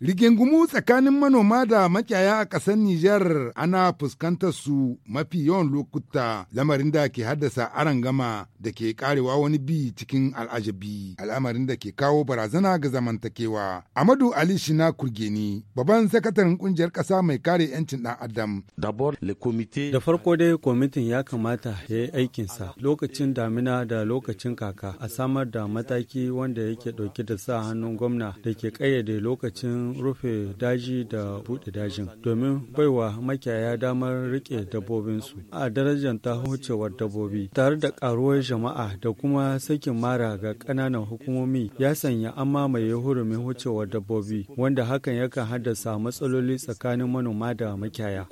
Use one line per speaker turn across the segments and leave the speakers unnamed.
Rigingumu tsakanin manoma da makiyaya a ƙasar Nijar ana fuskantar su mafi yawan lokuta lamarin da ke haddasa gama da ke karewa wani bi cikin al'ajabi al'amarin da ke kawo barazana ga zamantakewa. Amadu Ali Shina Kurgeni, babban sakataren kungiyar ƙasa mai kare 'yancin ɗan Adam. Da
farko dai kwamitin ya kamata ya yi aikinsa lokacin damina da lokacin kaka a samar da mataki wanda yake ɗauke da sa hannun gwamna da ke ƙayyade lokacin rufe daji da bude dajin domin baiwa makiyaya damar rike su a darajar ta hucewar dabbobi tare da karuwar jama'a da kuma sakin mara ga ƙananan hukumomi ya sanya an mamaye hurumin hucewar dabbobi wanda hakan yakan haddasa matsaloli tsakanin manoma da makiyaya.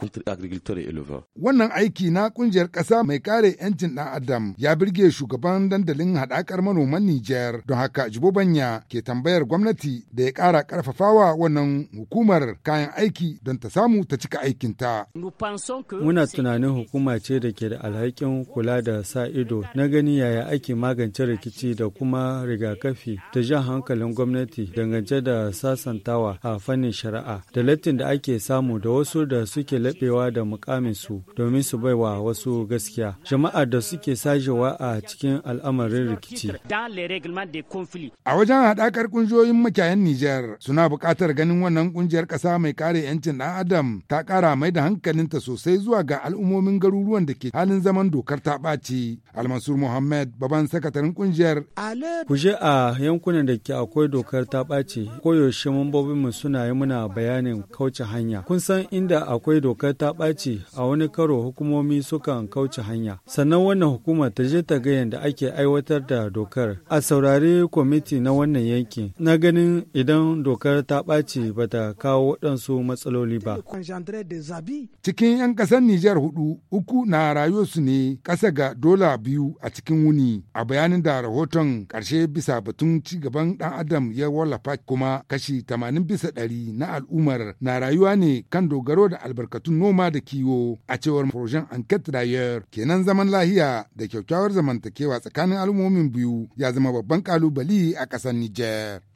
Wannan aiki na kungiyar ƙasa mai kare 'yancin dan Adam ya birge shugaban dandalin haɗakar manoman Nijar don haka Jibobanya ke tambayar gwamnati da ya kara karfafawa wannan hukumar kayan aiki don ta samu ta cika aikinta. Muna tunanin
hukuma ce da ke da alhakin kula da sa ido na gani yaya ake magance rikici da kuma rigakafi da jan hankalin gwamnati dangance da sasantawa a fannin shari'a da lattin da ake samu da wasu da suke laɓewa da mukaminsu domin su bai wa wasu gaskiya. Jama'a da suke sajewa a cikin al'amarin rikici.
A wajen haɗakar ƙungiyoyin makiyayan Nijar suna buƙatar ganin wannan kungiyar ƙasa mai kare 'yancin ɗan adam ta ƙara mai da hankalinta sosai zuwa ga al'ummomin garuruwan da ke halin zaman dokar ta ɓaci. Almansur Muhammad baban sakataren kungiyar. Ku a yankunan da ke akwai dokar ta ɓaci koyaushe mambobinmu suna
yi muna bayanin kauce hanya. Kun san inda akwai dokar ta ɓaci a wani karo hukumomi sukan kauce hanya. Sannan wannan hukuma ta je ta ga yadda ake aiwatar da dokar. A saurari kwamiti na wannan yankin na ganin idan dokar ta ɓaci ce
ba ta kawo waɗansu matsaloli ba. Cikin 'yan ƙasar Nijar hudu, uku na su ne ƙasa ga dola biyu a cikin wuni a bayanin da rahoton ƙarshe bisa batun ci gaban ɗan adam ya wallafa kuma kashi 80 bisa ɗari na al'ummar na rayuwa ne kan dogaro da albarkatun noma da kiwo a cewar projen enquete d'ailleurs kenan zaman lahiya da kyakkyawar zamantakewa tsakanin al'ummomin biyu ya zama babban kalubali a ƙasar Nijar.